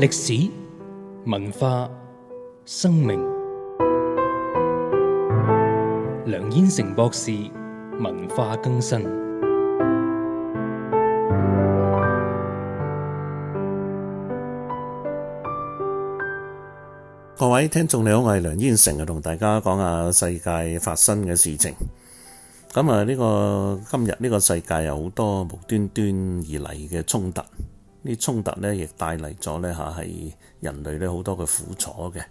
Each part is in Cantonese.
歷史、文化、生命，梁燕城博士文化更新。各位聽眾你好，我係梁燕城啊，同大家講下世界發生嘅事情。咁啊，呢個今日呢個世界有好多無端端而嚟嘅衝突。啲衝突咧，亦帶嚟咗咧嚇，係人類咧好多嘅苦楚嘅。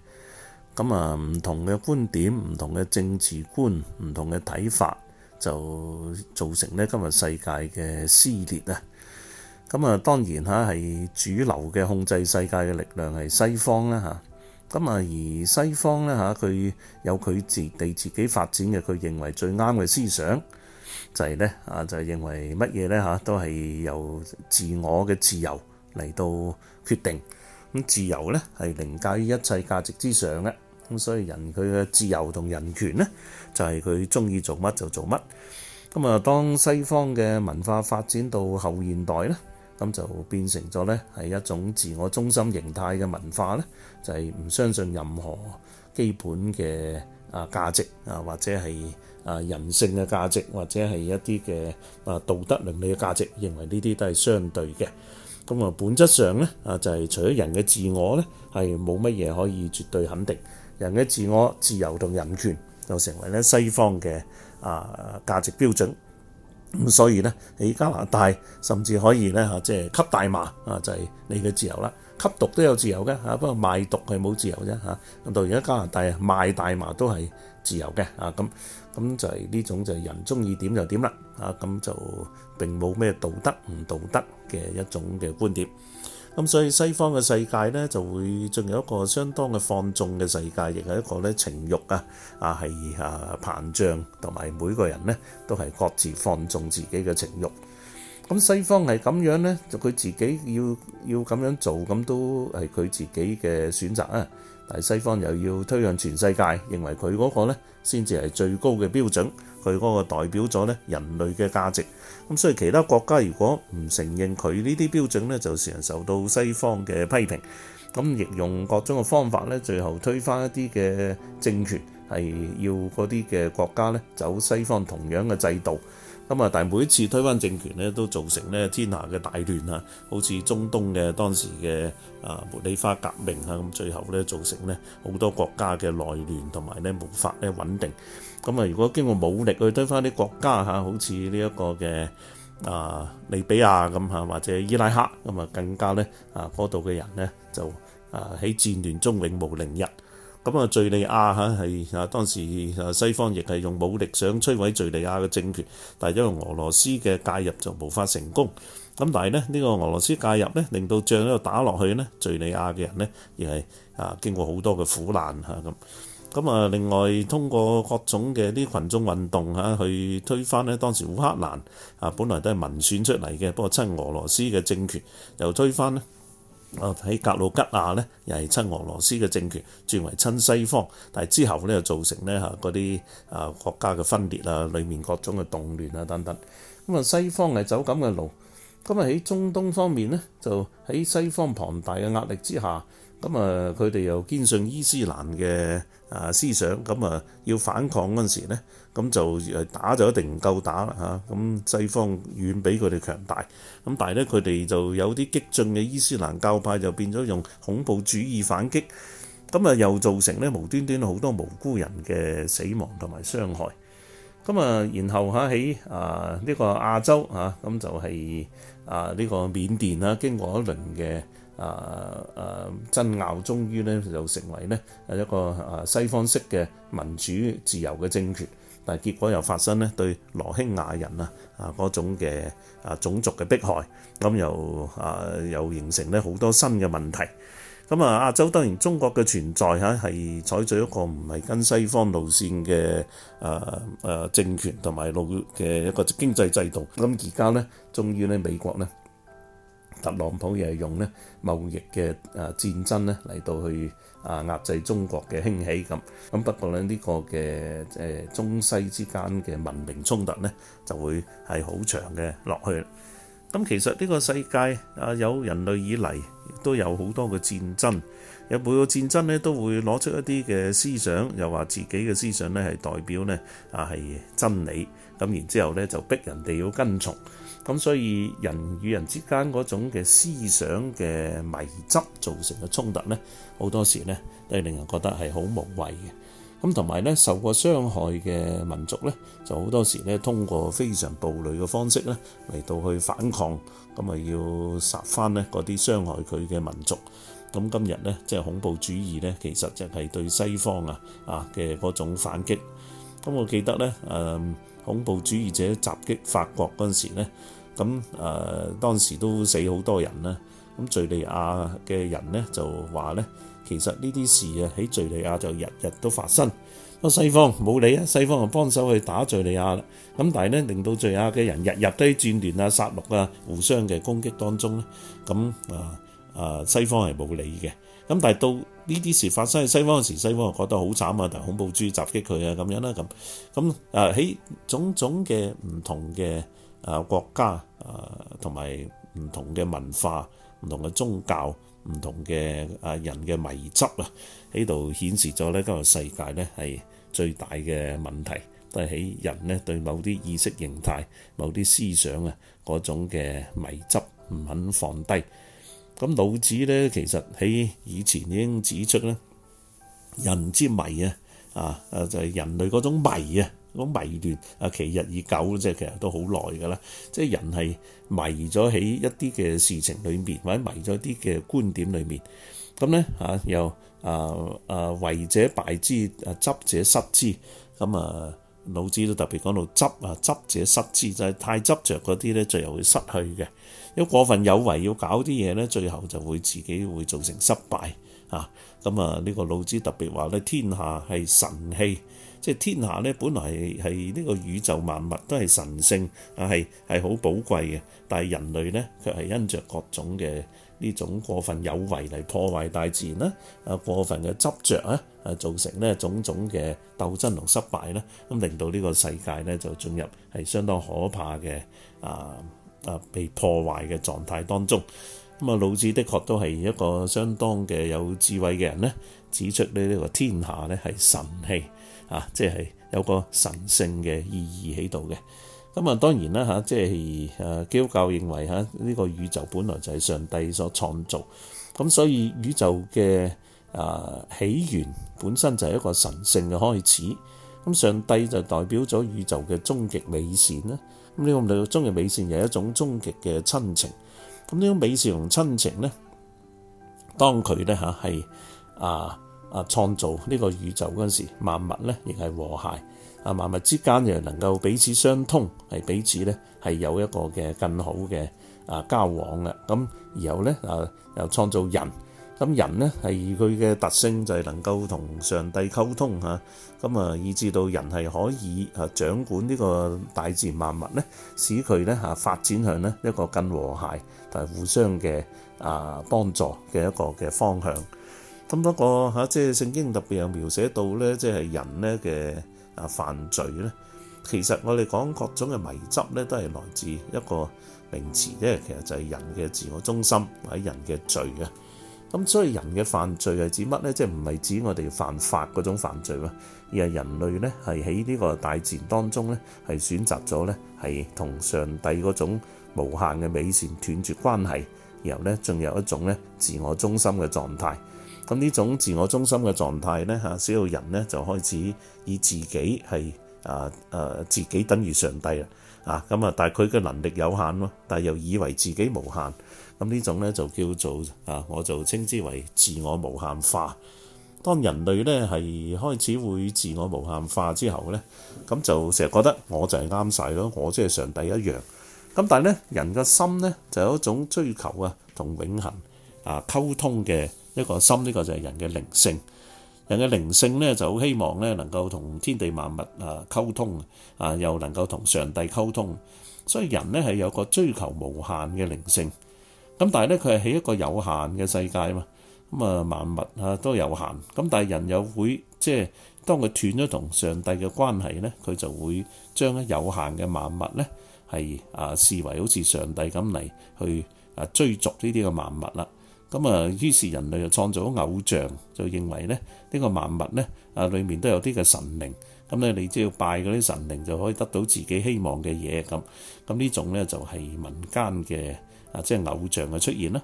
咁啊，唔同嘅觀點、唔同嘅政治觀、唔同嘅睇法，就造成咧今日世界嘅撕裂啊。咁啊，當然嚇係主流嘅控制世界嘅力量係西方啦吓，咁啊，而西方咧吓，佢有佢自地自己發展嘅，佢認為最啱嘅思想就係咧啊，就係認為乜嘢咧吓，都係由自我嘅自由，嚟到，決定咁。自由呢，係凌駕於一切價值之上嘅，咁，所以人佢嘅自由同人權呢，就係佢中意做乜就做乜咁啊。當西方嘅文化發展到後現代呢，咁就變成咗呢，係一種自我中心形態嘅文化呢，就係、是、唔相信任何基本嘅啊價值啊，或者係啊人性嘅價值，或者係一啲嘅啊道德倫理嘅價值，認為呢啲都係相對嘅。咁啊，本質上咧啊，就係除咗人嘅自我咧，係冇乜嘢可以絕對肯定。人嘅自我、自由同人權就成為咧西方嘅啊價值標準。咁所以咧，喺加拿大甚至可以咧吓，即係吸大麻啊，就係你嘅自由啦。吸毒都有自由嘅嚇，不過賣毒係冇自由啫嚇。咁到而家加拿大賣大麻都係自由嘅嚇，咁咁就係呢種就係人鍾意點就點啦嚇，咁就並冇咩道德唔道德嘅一種嘅觀點。咁所以西方嘅世界呢，就會進入一個相當嘅放縱嘅世界，亦係一個咧情慾啊啊，係啊膨脹，同埋每個人呢，都係各自放縱自己嘅情慾。咁西方係咁樣呢，就佢自己要要咁樣做，咁都係佢自己嘅選擇啊！但係西方又要推向全世界，認為佢嗰個呢先至係最高嘅標準，佢嗰個代表咗呢人類嘅價值。咁所以其他國家如果唔承認佢呢啲標準呢，就常受到西方嘅批評。咁亦用各種嘅方法呢，最後推翻一啲嘅政權，係要嗰啲嘅國家呢走西方同樣嘅制度。咁啊！但係每一次推翻政權咧，都造成咧天下嘅大亂啊！好似中東嘅當時嘅啊茉莉花革命啊，咁最後咧造成咧好多國家嘅內亂，同埋咧無法咧穩定。咁啊，如果經過武力去推翻啲國家嚇，好似呢一個嘅啊利比亞咁嚇，或者伊拉克咁啊，更加咧啊嗰度嘅人咧就啊喺戰亂中永無寧日。咁啊，敍利亞嚇係啊，當時啊西方亦係用武力想摧毀敍利亞嘅政權，但係因為俄羅斯嘅介入就無法成功。咁但係咧，呢個俄羅斯介入咧，令到仗喺度打落去咧，敍利亞嘅人咧亦係啊經過好多嘅苦難嚇咁。咁啊，另外通過各種嘅啲羣眾運動嚇，去推翻咧當時烏克蘭啊，本來都係民選出嚟嘅，不過親俄羅斯嘅政權又推翻咧。啊！喺格魯吉亞呢，又係親俄羅斯嘅政權轉為親西方，但係之後呢，就造成呢嗰啲啊國家嘅分裂啊，裏面各種嘅動亂啊等等。咁啊，西方係走咁嘅路。咁喺中東方面呢，就喺西方龐大嘅壓力之下。咁啊，佢哋又堅信伊斯蘭嘅啊思想，咁啊要反抗嗰陣時咧，咁就誒打就一定唔夠打啦嚇。咁西方遠比佢哋強大，咁但係咧佢哋就有啲激進嘅伊斯蘭教派就變咗用恐怖主義反擊，咁啊又造成呢無端端好多無辜人嘅死亡同埋傷害。咁啊，然後嚇喺啊呢個亞洲啊咁就係、是。啊！呢、這個緬甸啦、啊，經過一輪嘅啊啊爭拗，終於咧就成為咧一個啊西方式嘅民主自由嘅政權，但係結果又發生咧對羅興亞人啊那的啊嗰種嘅啊種族嘅迫害，咁又啊又形成咧好多新嘅問題。咁啊，亞洲當然中國嘅存在嚇係採取一個唔係跟西方路線嘅誒誒政權同埋路嘅一個經濟制度。咁而家咧，終於咧美國咧，特朗普又係用咧貿易嘅誒戰爭咧嚟到去啊壓制中國嘅興起。咁咁不過咧呢個嘅誒中西之間嘅文明衝突咧就會係好長嘅落去。咁其實呢個世界啊，有人類以嚟都有好多嘅戰爭，有每個戰爭咧都會攞出一啲嘅思想，又話自己嘅思想咧係代表呢啊係真理，咁然之後咧就逼人哋要跟從，咁所以人與人之間嗰種嘅思想嘅迷執造成嘅衝突咧，好多時咧都係令人覺得係好無謂嘅。咁同埋咧，受過傷害嘅民族咧，就好多時咧，通過非常暴戾嘅方式咧，嚟到去反抗，咁啊要殺翻咧嗰啲傷害佢嘅民族。咁今日咧，即係恐怖主義咧，其實就係對西方啊啊嘅嗰種反擊。咁我記得咧，誒恐怖主義者襲擊法國嗰陣時咧，咁誒當時都死好多人啦。咁敍利亞嘅人咧就話咧。其實呢啲事啊，喺敍利亞就日日都發生。啊，西方冇理啊，西方就幫手去打敍利亞啦。咁但係咧，令到敍利亞嘅人日日都喺戰亂啊、殺戮啊、互相嘅攻擊當中咧。咁啊啊，西方係冇理嘅。咁但係到呢啲事發生喺西方嘅時，西方就覺得好慘啊，但恐怖主義襲擊佢啊咁樣啦咁。咁啊喺種種嘅唔同嘅啊國家啊，同埋唔同嘅文化、唔同嘅宗教。唔同嘅啊人嘅迷執啊，喺度顯示咗呢個世界咧係最大嘅問題，都係喺人咧對某啲意識形態、某啲思想啊嗰種嘅迷執唔肯放低。咁老子咧其實喺以前已經指出咧，人之迷啊啊就係、是、人類嗰種迷啊。個迷亂啊，其日已久，即係其實都好耐㗎啦。即係人係迷咗喺一啲嘅事情裏面，或者迷咗啲嘅觀點裏面。咁咧嚇，又啊啊為者敗之，啊執者失之。咁、嗯、啊，老子都特別講到執啊，執者失之就係、是、太執着嗰啲咧，最後會失去嘅。因為過分有為要搞啲嘢咧，最後就會自己會造成失敗。咁啊呢、嗯這個老子特別話咧，天下係神器。即係天下咧，本來係係呢個宇宙萬物都係神聖啊，係係好寶貴嘅。但係人類咧，卻係因著各種嘅呢種過分有為嚟破壞大自然啦，啊過分嘅執著啊，啊造成咧種種嘅鬥爭同失敗啦。咁令到呢個世界咧就進入係相當可怕嘅啊啊被破壞嘅狀態當中。咁啊，老子的確都係一個相當嘅有智慧嘅人咧，指出呢呢個天下咧係神器。啊，即係有個神聖嘅意義喺度嘅。咁啊，當然啦，嚇、啊，即係誒基督教認為嚇呢、啊這個宇宙本來就係上帝所創造。咁所以宇宙嘅誒、啊、起源本身就係一個神聖嘅開始。咁上帝就代表咗宇宙嘅終極美善啦。咁呢個唔同嘅終極美善又係一種終極嘅親情。咁呢種美善同親情咧，當佢咧嚇係啊～啊！創造呢個宇宙嗰陣時，萬物咧亦係和諧啊！萬物之間又能夠彼此相通，係彼此咧係有一個嘅更好嘅啊，啊交往嘅。咁、啊、然後咧啊，又創造人。咁、啊、人咧係以佢嘅特性，就係能夠同上帝溝通咁啊，啊，以至到人係可以啊掌管呢個大自然萬物咧，使佢咧嚇發展向呢一個更和諧同互相嘅啊幫助嘅一個嘅方向。咁不過即係、啊、聖經特別又描寫到咧，即係人咧嘅啊犯罪咧。其實我哋講各種嘅迷執咧，都係來自一個名詞咧。其實就係人嘅自我中心，或者人嘅罪啊。咁所以人嘅犯罪係指乜咧？即係唔係指我哋犯法嗰種犯罪啊？而係人類咧係喺呢個大戰當中咧係選擇咗咧係同上帝嗰種無限嘅美善斷絕關係，然後咧進入一種咧自我中心嘅狀態。咁呢種自我中心嘅狀態咧，嚇，使到人咧就開始以自己係啊啊，自己等於上帝啦啊。咁啊，但係佢嘅能力有限咯，但係又以為自己無限。咁呢種咧就叫做啊，我就稱之為自我無限化。當人類咧係開始會自我無限化之後咧，咁就成日覺得我就係啱晒咯，我即係上帝一樣。咁但係咧，人嘅心咧就有一種追求啊，同永恒啊溝通嘅。一個心，呢個就係人嘅靈性。人嘅靈性咧，就好希望咧能夠同天地萬物啊溝通啊，又能夠同上帝溝通。所以人咧係有個追求無限嘅靈性。咁但係咧，佢係喺一個有限嘅世界嘛。咁啊，萬物啊都有限。咁但係人又會即係當佢斷咗同上帝嘅關係咧，佢就會將一有限嘅萬物咧係啊視為好似上帝咁嚟去啊追逐呢啲嘅萬物啦。咁啊，於是人類又創造咗偶像，就認為咧呢個萬物咧啊，裏面都有啲嘅神靈，咁咧你只要拜嗰啲神靈就可以得到自己希望嘅嘢。咁咁呢種咧就係民間嘅啊，即係偶像嘅出現啦。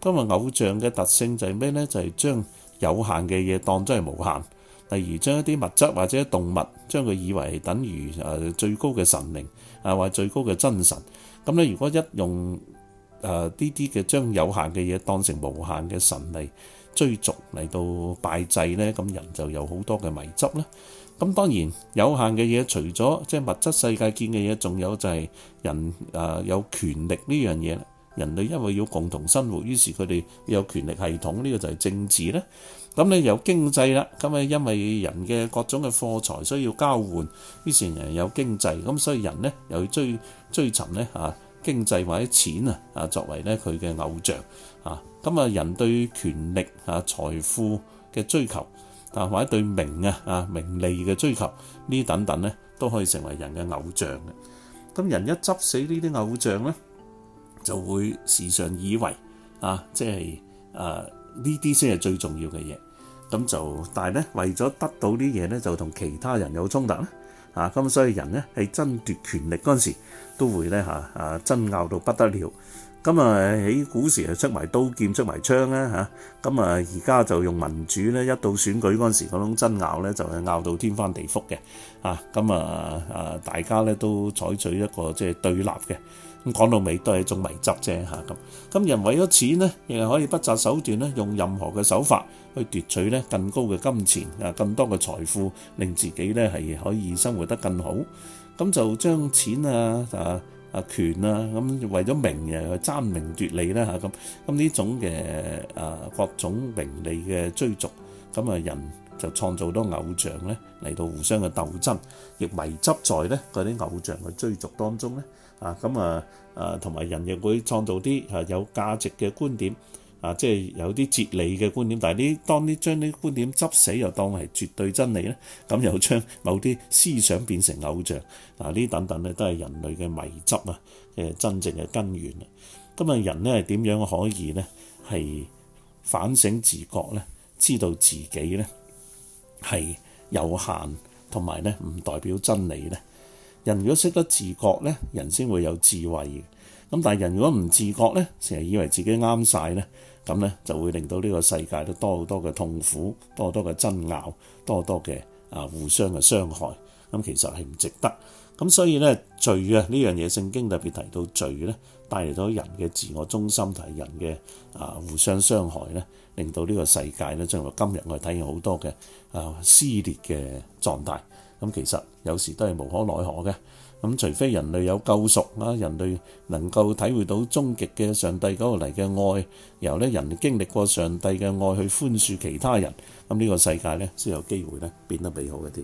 咁啊，偶像嘅特性就係咩咧？就係將有限嘅嘢當真係無限，例如將一啲物質或者動物，將佢以為等於啊最高嘅神靈啊或最高嘅真神。咁咧如果一用誒呢啲嘅將有限嘅嘢當成無限嘅神嚟追逐嚟到拜祭咧，咁人就有好多嘅迷執啦。咁當然有限嘅嘢，除咗即係物質世界見嘅嘢，仲有就係人、呃、有權力呢樣嘢。人類因為要共同生活，於是佢哋有權力系統，呢個就係政治呢。咁、嗯、你有經濟啦，咁啊因為人嘅各種嘅貨財需要交換，於是人，人有經濟，咁所以人咧又去追追尋咧吓經濟或者錢啊，啊作為咧佢嘅偶像啊，咁啊人對權力啊財富嘅追求，啊或者對名啊啊名利嘅追求呢等等咧，都可以成為人嘅偶像嘅。咁人一執死呢啲偶像咧，就會時常以為啊，即係誒呢啲先係最重要嘅嘢。咁就但係咧為咗得到啲嘢咧，就同其他人有衝突咧。啊，咁所以人咧係爭奪權力嗰陣時，都會咧嚇啊爭拗到不得了。咁啊喺古時係出埋刀劍，出埋槍啦嚇。咁啊而家就用民主咧，一到選舉嗰陣時，嗰種爭拗咧就係拗到天翻地覆嘅。啊，咁啊啊大家咧都採取一個即係對立嘅。講到尾都係一種迷執啫吓咁，咁人為咗錢咧，亦係可以不擇手段咧，用任何嘅手法去奪取咧更高嘅金錢啊，更多嘅財富，令自己咧係可以生活得更好。咁就將錢啊啊啊權啊，咁為咗名嘅去爭名奪利咧吓咁，咁呢種嘅啊各種名利嘅追逐，咁啊人就創造多偶像咧嚟到互相嘅鬥爭，亦迷執在咧嗰啲偶像嘅追逐當中咧。啊，咁啊，啊，同埋人亦會創造啲啊有價值嘅觀點，啊，即係有啲哲理嘅觀點。但係呢當啲將呢啲觀點執死，又當係絕對真理咧，咁又將某啲思想變成偶像，啊呢等等咧，都係人類嘅迷執啊嘅真正嘅根源啦。咁啊，人咧係點樣可以咧係反省自覺咧，知道自己咧係有限，同埋咧唔代表真理咧？人如果識得自覺咧，人先會有智慧。咁但係人如果唔自覺咧，成日以為自己啱晒咧，咁咧就會令到呢個世界都多好多嘅痛苦，多好多嘅爭拗，多好多嘅啊互相嘅傷害。咁其實係唔值得。咁所以咧罪啊呢樣嘢，聖經特別提到罪咧，帶嚟咗人嘅自我中心同人嘅啊互相傷害咧，令到呢個世界咧，正如今日我哋體驗好多嘅啊撕裂嘅狀態。咁其實有時都係無可奈何嘅，咁除非人類有救贖啊，人類能夠體會到終極嘅上帝嗰度嚟嘅愛，然後咧人經歷過上帝嘅愛去寬恕其他人，咁、這、呢個世界咧先有機會咧變得美好一啲。